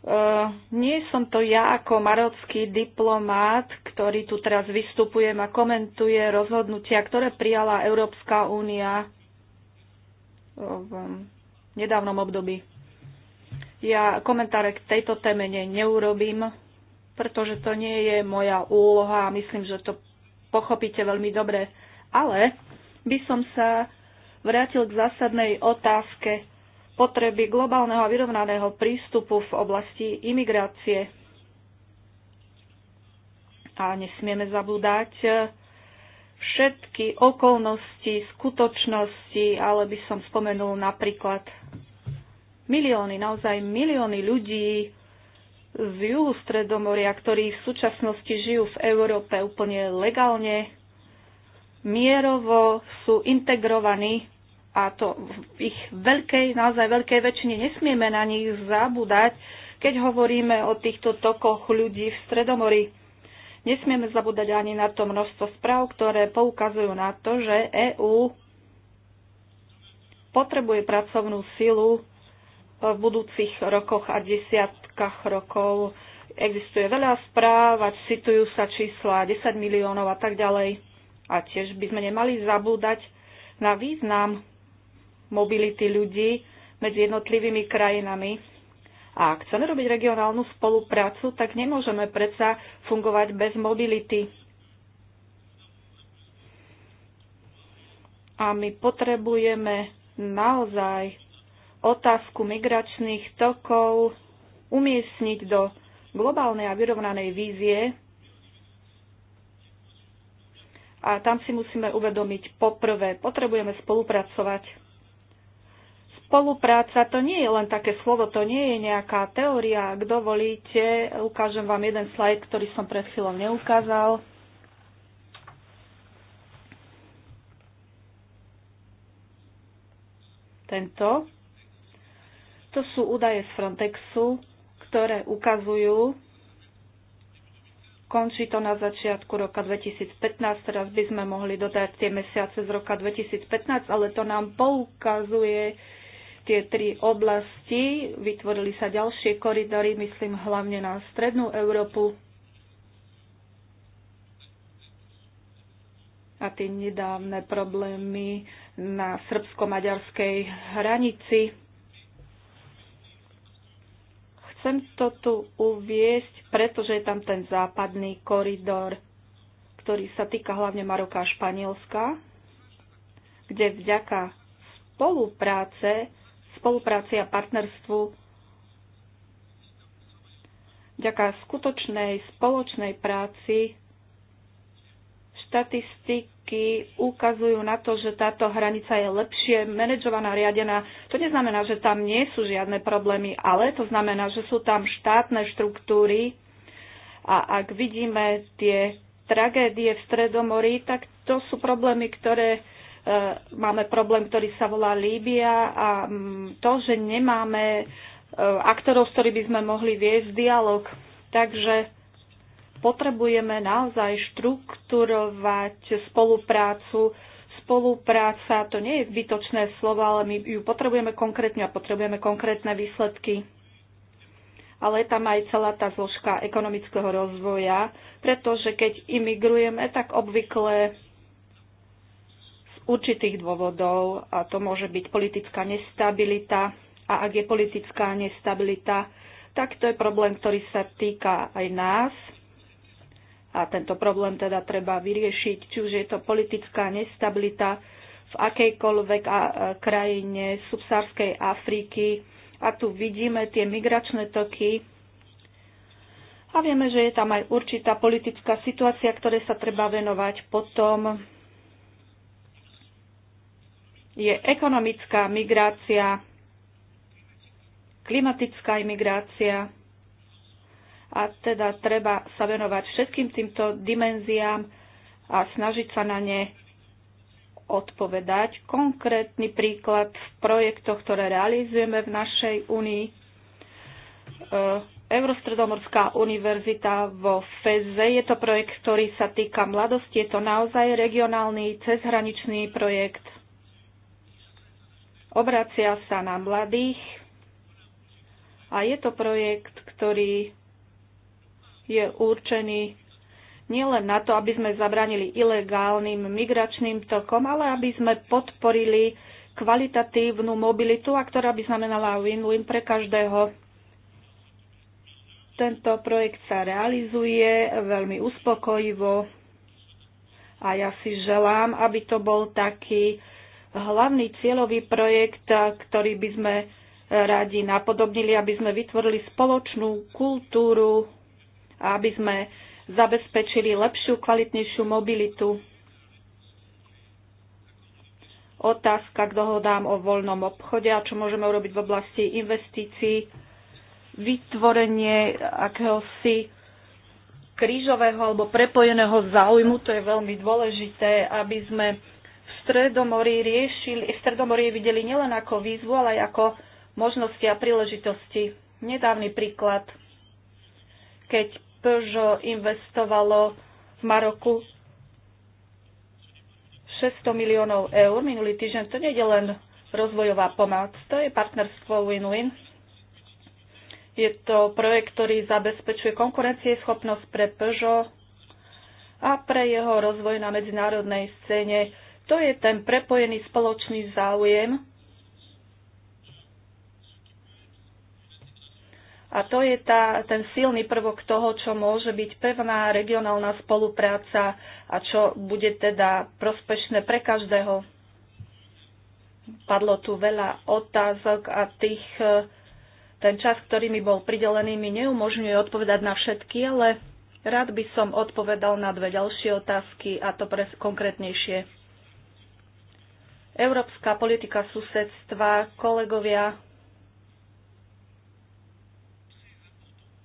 Uh, nie som to ja ako marocký diplomát, ktorý tu teraz vystupujem a komentuje rozhodnutia, ktoré prijala Európska únia e, v nedávnom období. Ja komentáre k tejto téme neurobím pretože to nie je moja úloha a myslím, že to pochopíte veľmi dobre. Ale by som sa vrátil k zásadnej otázke potreby globálneho a vyrovnaného prístupu v oblasti imigrácie. A nesmieme zabúdať eh, všetky okolnosti, skutočnosti, ale by som spomenul napríklad milióny, naozaj milióny ľudí z juhu Stredomoria, ktorí v súčasnosti žijú v Európe úplne legálne, mierovo sú integrovaní a to v ich veľkej, naozaj veľkej väčšine nesmieme na nich zabúdať, keď hovoríme o týchto tokoch ľudí v Stredomori. Nesmieme zabúdať ani na to množstvo správ, ktoré poukazujú na to, že EÚ potrebuje pracovnú silu v budúcich rokoch a desiat, stovkách rokov. Existuje veľa správ a citujú sa čísla 10 miliónov a tak ďalej. A tiež by sme nemali zabúdať na význam mobility ľudí medzi jednotlivými krajinami. A ak chceme robiť regionálnu spoluprácu, tak nemôžeme predsa fungovať bez mobility. A my potrebujeme naozaj otázku migračných tokov umiestniť do globálnej a vyrovnanej vízie. A tam si musíme uvedomiť poprvé, potrebujeme spolupracovať. Spolupráca to nie je len také slovo, to nie je nejaká teória. Ak dovolíte, ukážem vám jeden slajd, ktorý som pred chvíľou neukázal. Tento. To sú údaje z Frontexu ktoré ukazujú, končí to na začiatku roka 2015, teraz by sme mohli dodať tie mesiace z roka 2015, ale to nám poukazuje tie tri oblasti. Vytvorili sa ďalšie koridory, myslím hlavne na strednú Európu a tie nedávne problémy na srbsko-maďarskej hranici Chcem to tu uviesť, pretože je tam ten západný koridor, ktorý sa týka hlavne Maroka a Španielska, kde vďaka spolupráce, spolupráci a partnerstvu vďaka skutočnej spoločnej práci Štatistiky ukazujú na to, že táto hranica je lepšie manažovaná, riadená. To neznamená, že tam nie sú žiadne problémy, ale to znamená, že sú tam štátne štruktúry a ak vidíme tie tragédie v Stredomorí, tak to sú problémy, ktoré e, máme problém, ktorý sa volá Líbia a mm, to, že nemáme e, aktorov, s ktorými by sme mohli viesť dialog. Takže potrebujeme naozaj štrukturovať spoluprácu. Spolupráca to nie je zbytočné slovo, ale my ju potrebujeme konkrétne a potrebujeme konkrétne výsledky. Ale je tam aj celá tá zložka ekonomického rozvoja, pretože keď imigrujeme, tak obvykle z určitých dôvodov, a to môže byť politická nestabilita, a ak je politická nestabilita, tak to je problém, ktorý sa týka aj nás, a tento problém teda treba vyriešiť, či už je to politická nestabilita v akejkoľvek krajine subsárskej Afriky. A tu vidíme tie migračné toky a vieme, že je tam aj určitá politická situácia, ktoré sa treba venovať. Potom je ekonomická migrácia, klimatická imigrácia, a teda treba sa venovať všetkým týmto dimenziám a snažiť sa na ne odpovedať. Konkrétny príklad v projektoch, ktoré realizujeme v našej únii. Eurostredomorská univerzita vo Feze. Je to projekt, ktorý sa týka mladosti. Je to naozaj regionálny, cezhraničný projekt. Obracia sa na mladých a je to projekt, ktorý je určený nielen na to, aby sme zabránili ilegálnym migračným tokom, ale aby sme podporili kvalitatívnu mobilitu, a ktorá by znamenala win-win pre každého. Tento projekt sa realizuje veľmi uspokojivo a ja si želám, aby to bol taký hlavný cieľový projekt, ktorý by sme radi napodobnili, aby sme vytvorili spoločnú kultúru a aby sme zabezpečili lepšiu, kvalitnejšiu mobilitu. Otázka k dohodám o voľnom obchode a čo môžeme urobiť v oblasti investícií, vytvorenie akéhosi krížového alebo prepojeného záujmu, to je veľmi dôležité, aby sme v Stredomorí riešili, v Stredomorí videli nielen ako výzvu, ale aj ako možnosti a príležitosti. Nedávny príklad, keď Peugeot investovalo v Maroku 600 miliónov eur minulý týždeň. To nie je len rozvojová pomoc, to je partnerstvo win-win. Je to projekt, ktorý zabezpečuje konkurencieschopnosť pre Peugeot a pre jeho rozvoj na medzinárodnej scéne. To je ten prepojený spoločný záujem, A to je tá, ten silný prvok toho, čo môže byť pevná regionálna spolupráca a čo bude teda prospešné pre každého. Padlo tu veľa otázok a tých, e, ten čas, ktorý mi bol pridelený, mi neumožňuje odpovedať na všetky, ale rád by som odpovedal na dve ďalšie otázky a to pre konkrétnejšie. Európska politika susedstva, kolegovia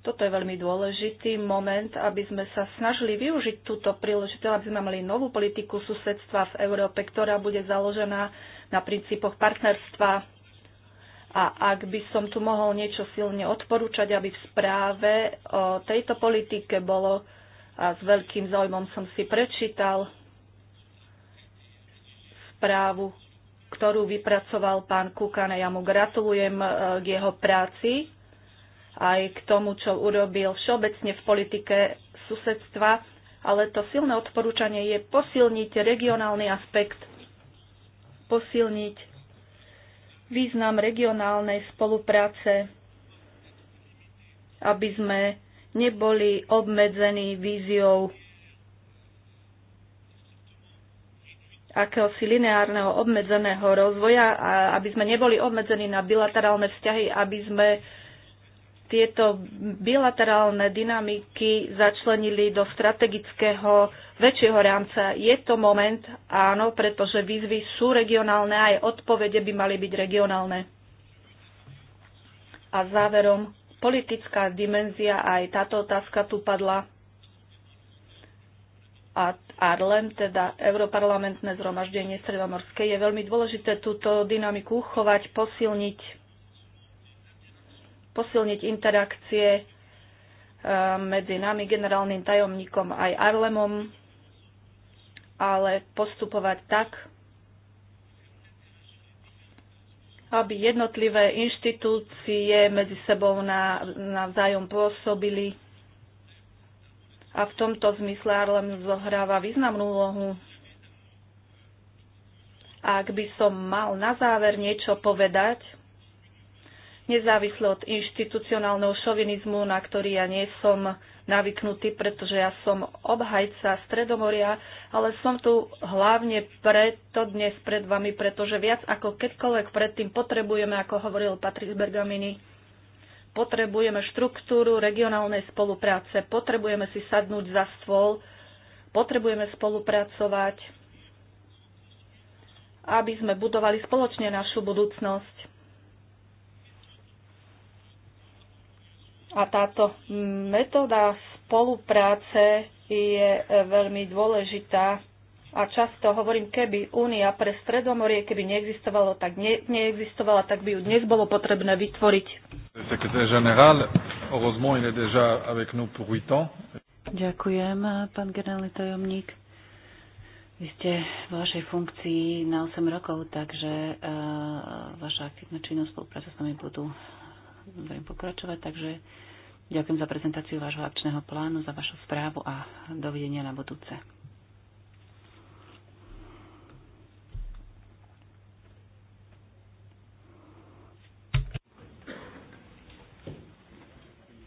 Toto je veľmi dôležitý moment, aby sme sa snažili využiť túto príležitosť, aby sme mali novú politiku susedstva v Európe, ktorá bude založená na princípoch partnerstva. A ak by som tu mohol niečo silne odporúčať, aby v správe o tejto politike bolo, a s veľkým záujmom som si prečítal správu, ktorú vypracoval pán Kukan ja mu gratulujem e, k jeho práci aj k tomu, čo urobil všeobecne v politike susedstva, ale to silné odporúčanie je posilniť regionálny aspekt, posilniť význam regionálnej spolupráce, aby sme neboli obmedzení víziou akéhosi lineárneho obmedzeného rozvoja, a aby sme neboli obmedzení na bilaterálne vzťahy, aby sme uh, tieto bilaterálne dynamiky začlenili do strategického väčšieho rámca. Je to moment, áno, pretože výzvy sú regionálne a aj odpovede by mali byť regionálne. A záverom, politická dimenzia, aj táto otázka tu padla. A Arlem, teda Europarlamentné zhromaždenie Stredomorské, je veľmi dôležité túto dynamiku uchovať, posilniť posilniť interakcie eh, medzi nami, generálnym tajomníkom aj Arlemom, ale postupovať tak, aby jednotlivé inštitúcie medzi sebou navzájom pôsobili. A v tomto zmysle Arlem zohráva významnú úlohu. Ak by som mal na záver niečo povedať, nezávislo od inštitucionálneho šovinizmu, na ktorý ja nie som navyknutý, pretože ja som obhajca Stredomoria, ale som tu hlavne preto dnes pred vami, pretože viac ako kedykoľvek predtým potrebujeme, ako hovoril Patrick Bergamini, potrebujeme štruktúru regionálnej spolupráce, potrebujeme si sadnúť za stôl, potrebujeme spolupracovať, aby sme budovali spoločne našu budúcnosť. A táto metóda spolupráce je e, veľmi dôležitá. A často hovorím, keby Únia pre Stredomorie, keby neexistovalo, tak ne, neexistovala, tak by ju dnes bolo potrebné vytvoriť. Ďakujem, pán generálny tajomník. Vy ste v vašej funkcii na 8 rokov, takže uh, vaša aktívna činnosť spolupráca s nami budú budem pokračovať, takže ďakujem za prezentáciu vášho akčného plánu, za vašu správu a dovidenia na budúce.